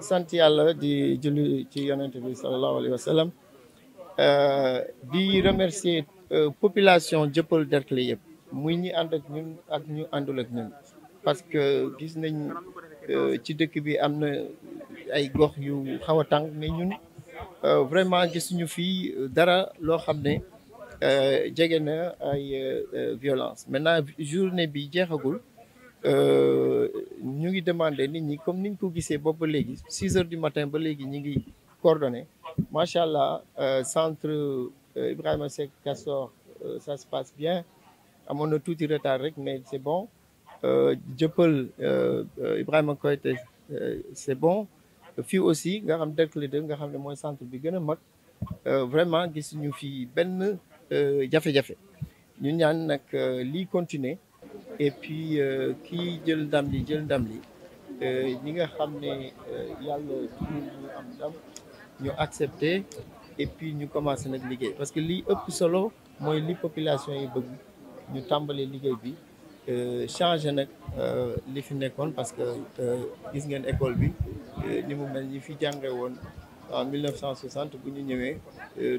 sant yàlla di julli ci yonent bi sallallahu alayhi wa sallam euh, di remercier euh, population jëppal Derklé yëpp muy ñi ànd ak ñun ak ñu àndul ak ñun parce que gis nañ euh, ci dëkk bi am na ay gox yu xaw a tàng mais ñun vraiment gis gisuñu fii dara loo xam ne jege na ay violence maintenant journée bi jeexagul ñu ngi demandé nit ñi comme niñ ko gisee boobu ba léegi six heures du matin ba léegi ñu ngi coordonné macha allah euh, centre euh, Ibrahima Seck Castor euh, ça se passe bien amoon na tuuti retard rek mais c'est bon jëppal Ibrahima Koyte c'est bon fii aussi nga xam Derklé 2 nga xam ne mooy centre bi gën a mag vraiment gis ñu fi benn jafe-jafe ñu ñaan nag lii continuer et puis euh, kii jël ndam li jël ndam li euh, ñi nga xam ne euh, yàlla ñu am ndam ñu accepté et puis ñu commencé nag liggéey parce que lii ëpp solo mooy li population yi bëgg ñu tàmbalee liggéey bi changé nag li fi nekkoon parce que gis ngeen école bi ni mu mel ñi fi jànge woon en 1960 bu ñu ñëwee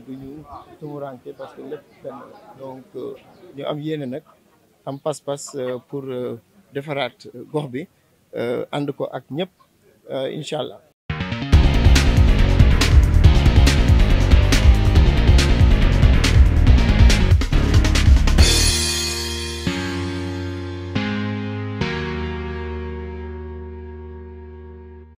du ñu tumuranke parce que lépp benn donc ñu am yéene nag am pas-pas euh, pour euh, defaraat euh, gox bi ànd ko ak ñëpp incha allah.